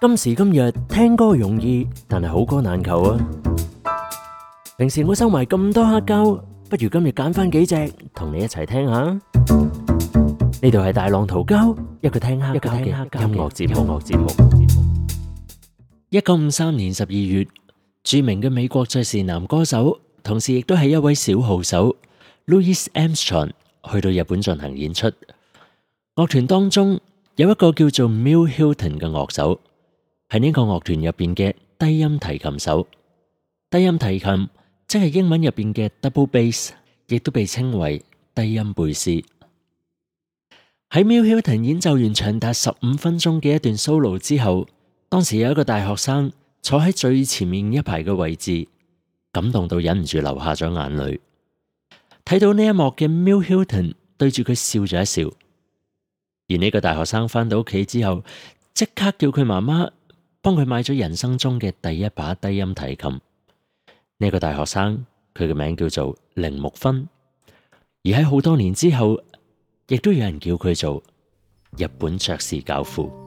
今時今日聽歌容易，但係好歌難求啊！平時我收埋咁多黑膠，不如今日揀翻幾隻同你一齊聽下。呢度係大浪淘膠，一個聽黑膠嘅音樂節目。音樂節目。一九五三年十二月，著名嘅美國爵士男歌手，同時亦都係一位小號手，Louis Armstrong，去到日本進行演出。樂團當中有一個叫做 Milt Hilton 嘅樂手。係呢個樂團入邊嘅低音提琴手，低音提琴即係英文入邊嘅 double bass，亦都被稱為低音貝斯。喺 Milt Hilton 演奏完長達十五分鐘嘅一段 solo 之後，當時有一個大學生坐喺最前面一排嘅位置，感動到忍唔住流下咗眼淚。睇到呢一幕嘅 Milt Hilton 對住佢笑咗一笑。而呢個大學生翻到屋企之後，即刻叫佢媽媽。幫佢買咗人生中嘅第一把低音提琴。呢、這個大學生，佢嘅名叫做鈴木勳。而喺好多年之後，亦都有人叫佢做日本爵士教父。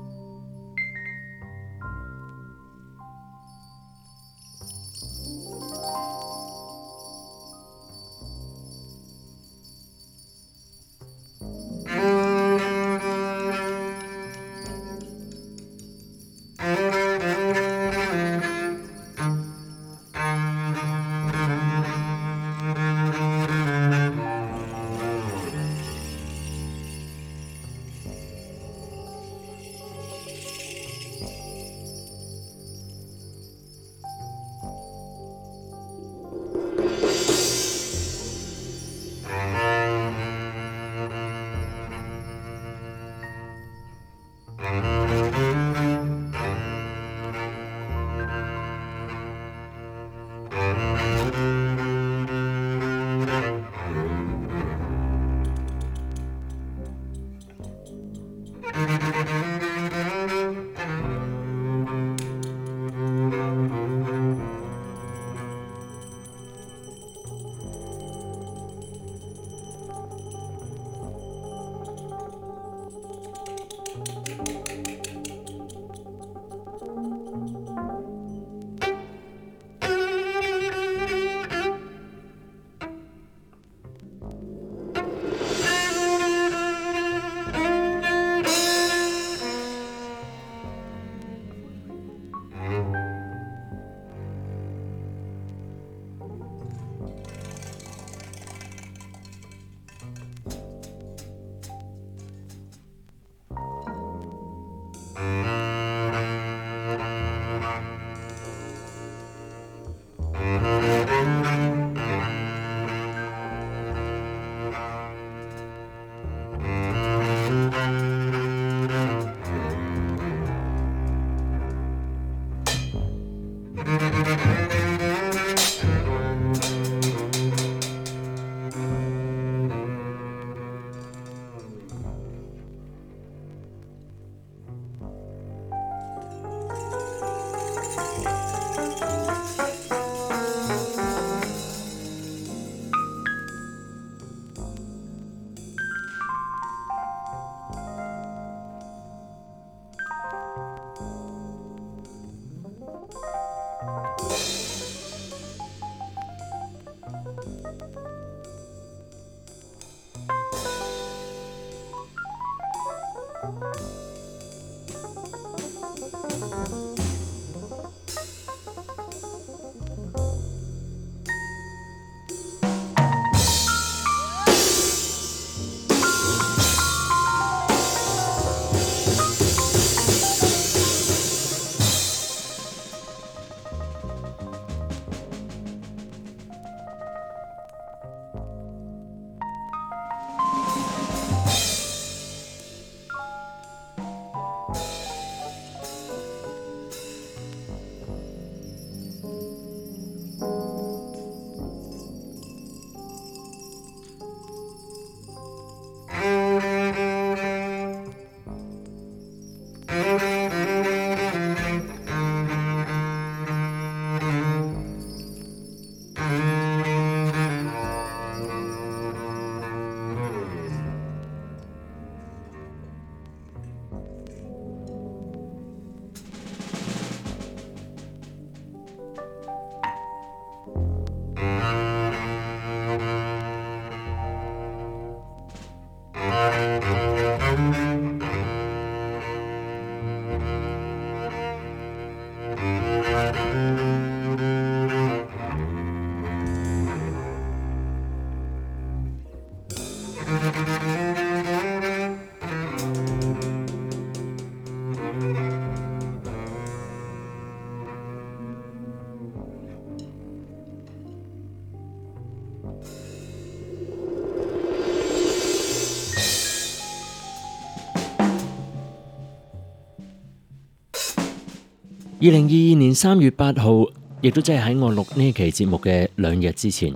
二零二二年三月八號，亦都即係喺我錄呢期節目嘅兩日之前，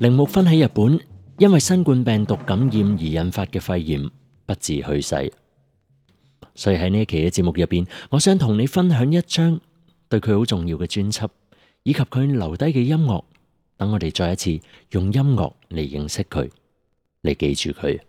鈴木勳喺日本，因為新冠病毒感染而引發嘅肺炎不治去世。所以喺呢一期嘅節目入邊，我想同你分享一張對佢好重要嘅專輯，以及佢留低嘅音樂，等我哋再一次用音樂嚟認識佢，嚟記住佢。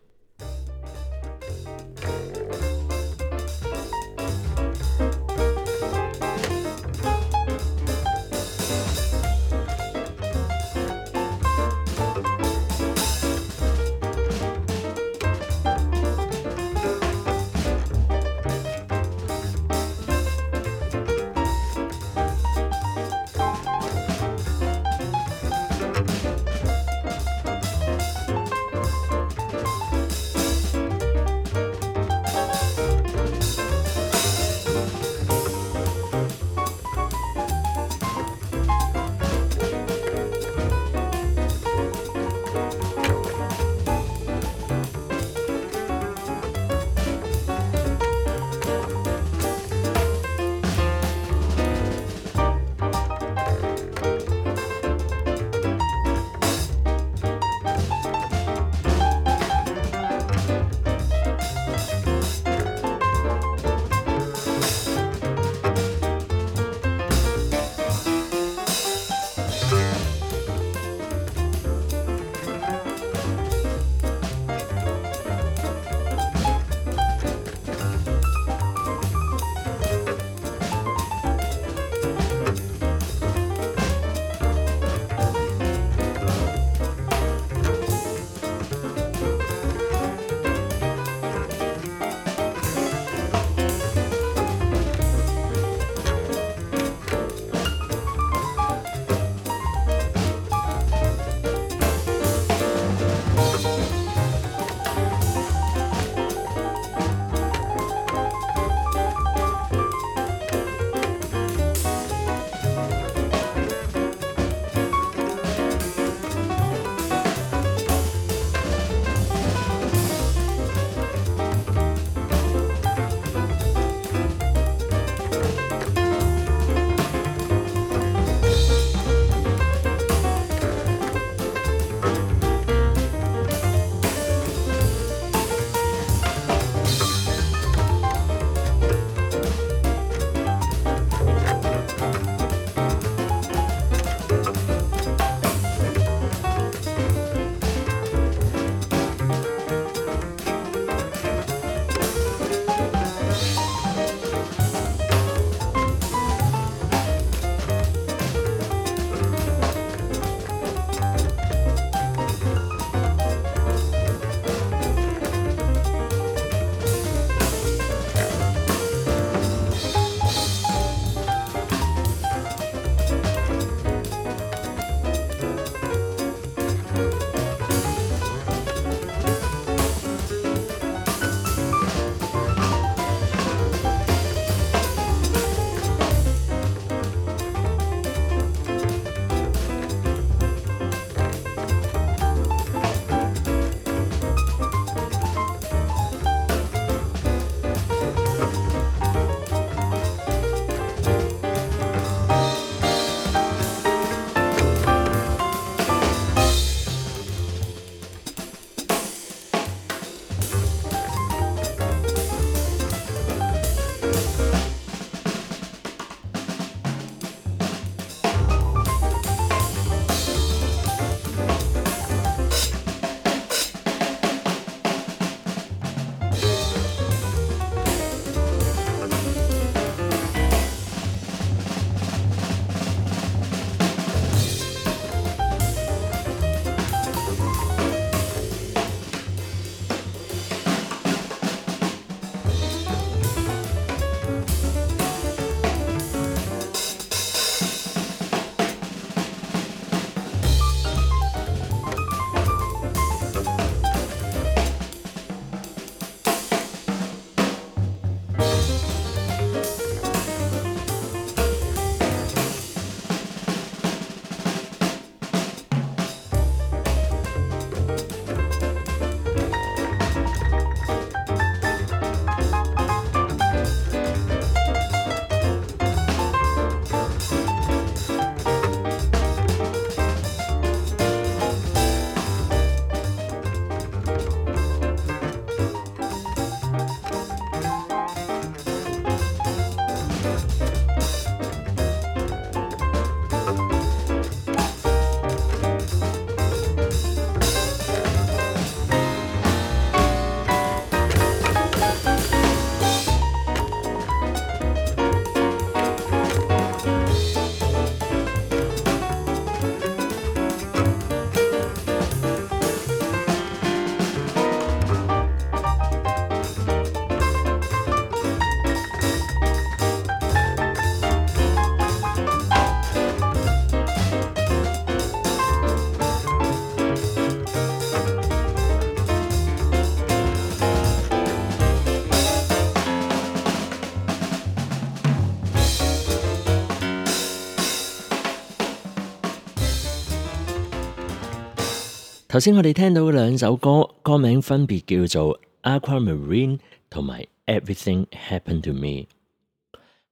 首先，我哋聽到嘅兩首歌，歌名分別叫做《Aquamarine》同埋《Everything Happened to Me》。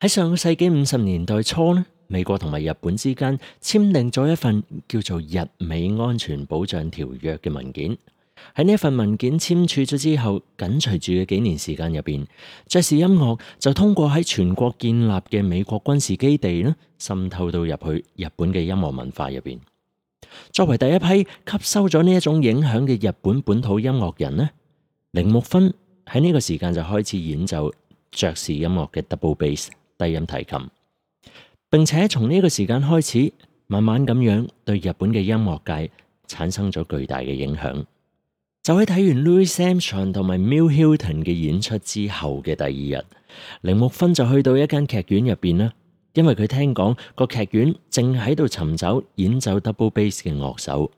喺上個世紀五十年代初咧，美國同埋日本之間簽訂咗一份叫做《日美安全保障條約》嘅文件。喺呢份文件簽署咗之後，緊隨住嘅幾年時間入邊，爵士音樂就通過喺全國建立嘅美國軍事基地咧，滲透到入去日本嘅音樂文化入邊。作為第一批吸收咗呢一種影響嘅日本本土音樂人呢，鈴木勳喺呢個時間就開始演奏爵士音樂嘅 double bass 低音提琴，並且從呢個時間開始，慢慢咁樣對日本嘅音樂界產生咗巨大嘅影響。就喺睇完 Louis Armstrong 同埋 Milt Hilton 嘅演出之後嘅第二日，鈴木勳就去到一間劇院入邊啦。因為佢聽講、那個劇院正喺度尋找演奏 double bass 嘅樂手，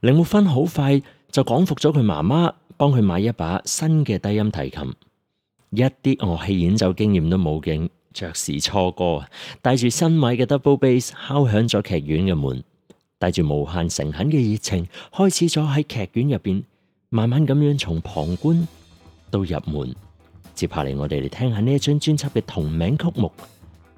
鈴木勳好快就說服咗佢媽媽幫佢買一把新嘅低音提琴，一啲樂器演奏經驗都冇嘅爵士初哥，帶住新買嘅 double bass 敲響咗劇院嘅門，帶住無限誠懇嘅熱情，開始咗喺劇院入邊慢慢咁樣從旁觀到入門。接下嚟我哋嚟聽下呢一張專輯嘅同名曲目。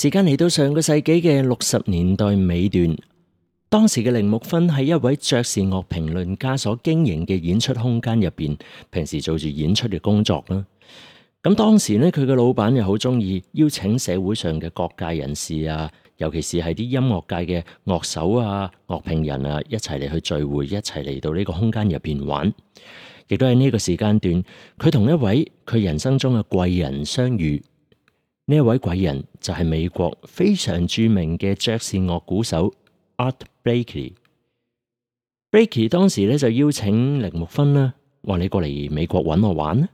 時間嚟到上個世紀嘅六十年代尾段，當時嘅鈴木勳喺一位爵士樂評論家所經營嘅演出空間入邊，平時做住演出嘅工作啦。咁當時呢，佢嘅老闆又好鍾意邀請社會上嘅各界人士啊，尤其是係啲音樂界嘅樂手啊、樂評人啊，一齊嚟去聚會，一齊嚟到呢個空間入邊玩。亦都喺呢個時間段，佢同一位佢人生中嘅貴人相遇。呢位貴人就係美國非常著名嘅爵士樂鼓手 Art Blakey。Blakey 當時咧就邀請鈴木勳啦，話你過嚟美國揾我玩。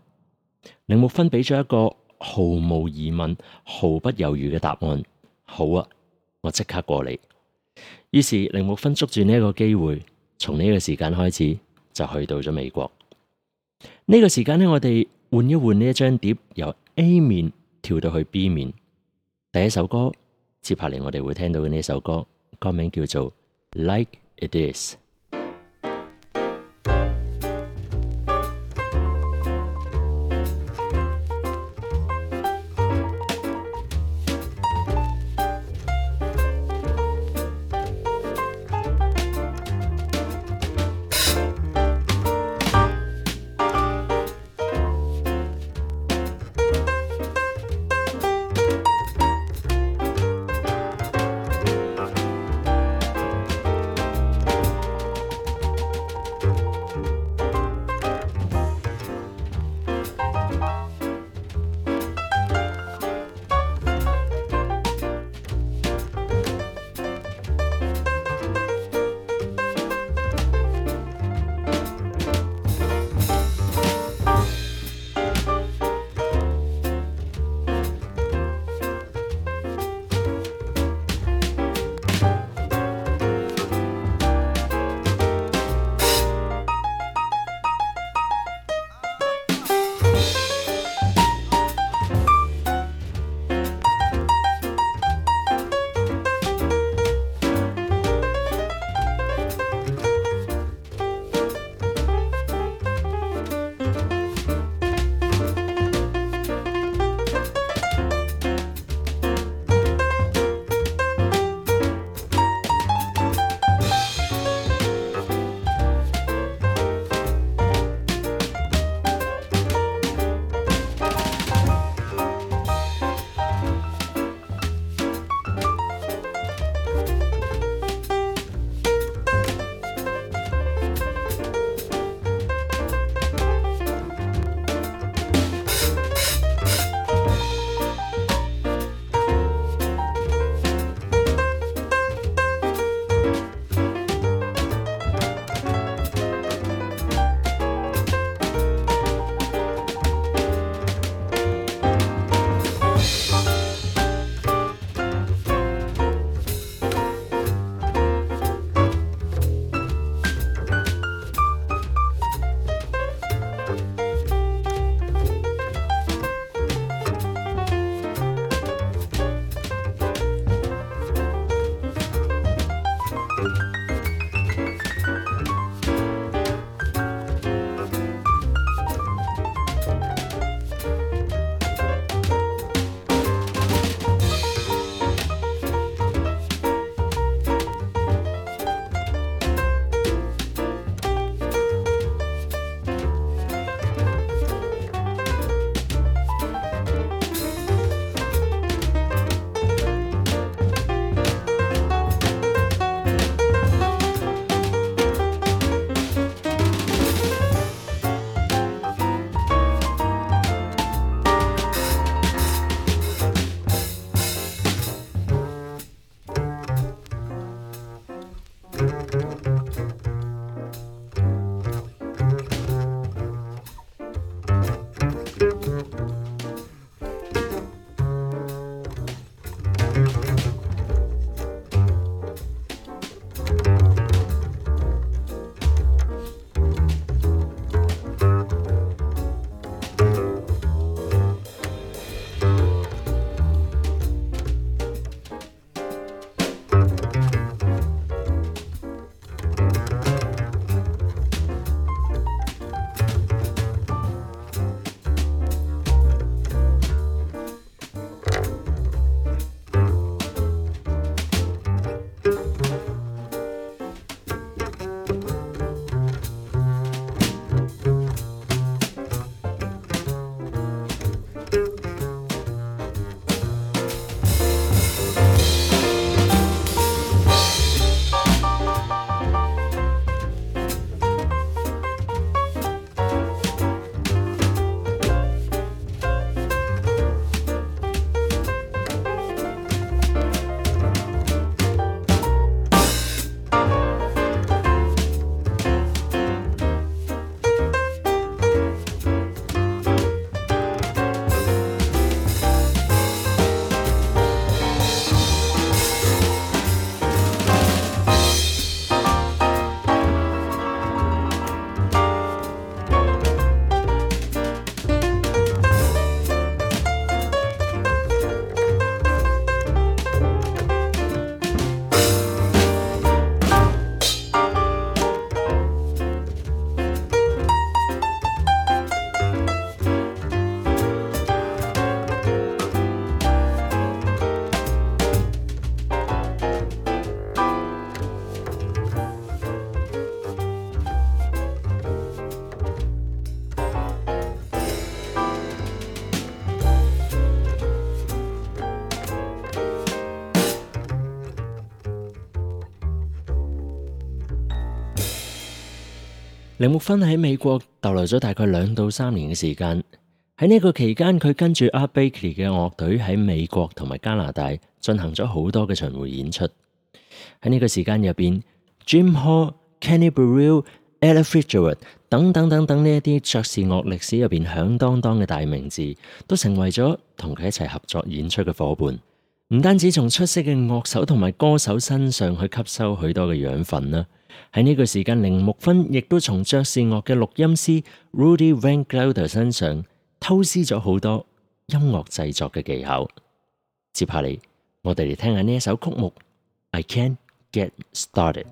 鈴木勳俾咗一個毫無疑問、毫不猶豫嘅答案：好啊，我即刻過嚟。於是鈴木勳捉住呢一個機會，從呢個時間開始就去到咗美國。呢、這個時間咧，我哋換一換呢一張碟，由 A 面。跳到去 B 面第一首歌，接下嚟我哋會聽到嘅呢首歌，歌名叫做《Like It Is》。鈴木勳喺美國逗留咗大概兩到三年嘅時間，喺呢個期間，佢跟住 Art Blakey 嘅樂隊喺美國同埋加拿大進行咗好多嘅巡迴演出。喺呢個時間入邊，Jim Hall、Kenny Burrell、Ella Fitzgerald 等等等等呢一啲爵士樂歷史入邊響當當嘅大名字，都成為咗同佢一齊合作演出嘅夥伴。唔單止從出色嘅樂手同埋歌手身上去吸收許多嘅養分啦，喺呢個時間，鈴木勳亦都從爵士樂嘅錄音師 Rudy Van Gelder 身上偷師咗好多音樂製作嘅技巧。接下嚟，我哋嚟聽下呢首曲目《I Can't Get Started》。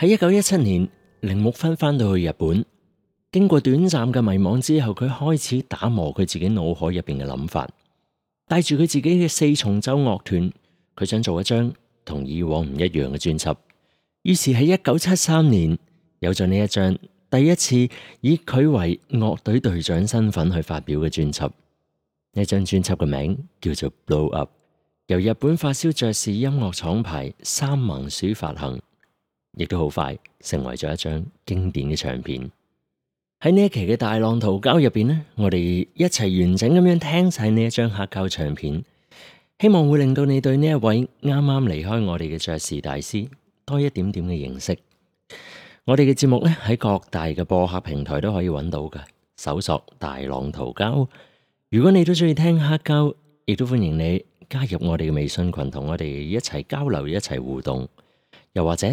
喺一九一七年，鈴木勳返到去日本，經過短暫嘅迷惘之後，佢開始打磨佢自己腦海入邊嘅諗法。帶住佢自己嘅四重奏樂團，佢想做一張同以往唔一樣嘅專輯。於是喺一九七三年，有咗呢一張第一次以佢為樂隊隊長身份去發表嘅專輯。呢張專輯嘅名叫做《Blow Up》，由日本發燒爵士音樂廠牌三盲鼠發行。亦都好快成為咗一張經典嘅唱片。喺呢一期嘅大浪淘膠入邊呢，我哋一齊完整咁樣聽晒呢一張黑膠唱片，希望會令到你對呢一位啱啱離開我哋嘅爵士大師多一點點嘅認識。我哋嘅節目呢，喺各大嘅播客平台都可以揾到嘅，搜索大浪淘膠。如果你都鍾意聽黑膠，亦都歡迎你加入我哋嘅微信群，同我哋一齊交流、一齊互動，又或者。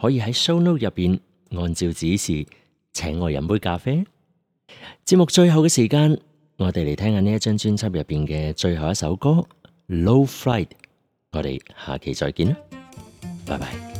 可以喺 show note 入面按照指示，請我飲杯咖啡。節目最後嘅時間，我哋嚟聽下呢一張專輯入面嘅最後一首歌《Low Flight》。我哋下期再見啦，拜拜。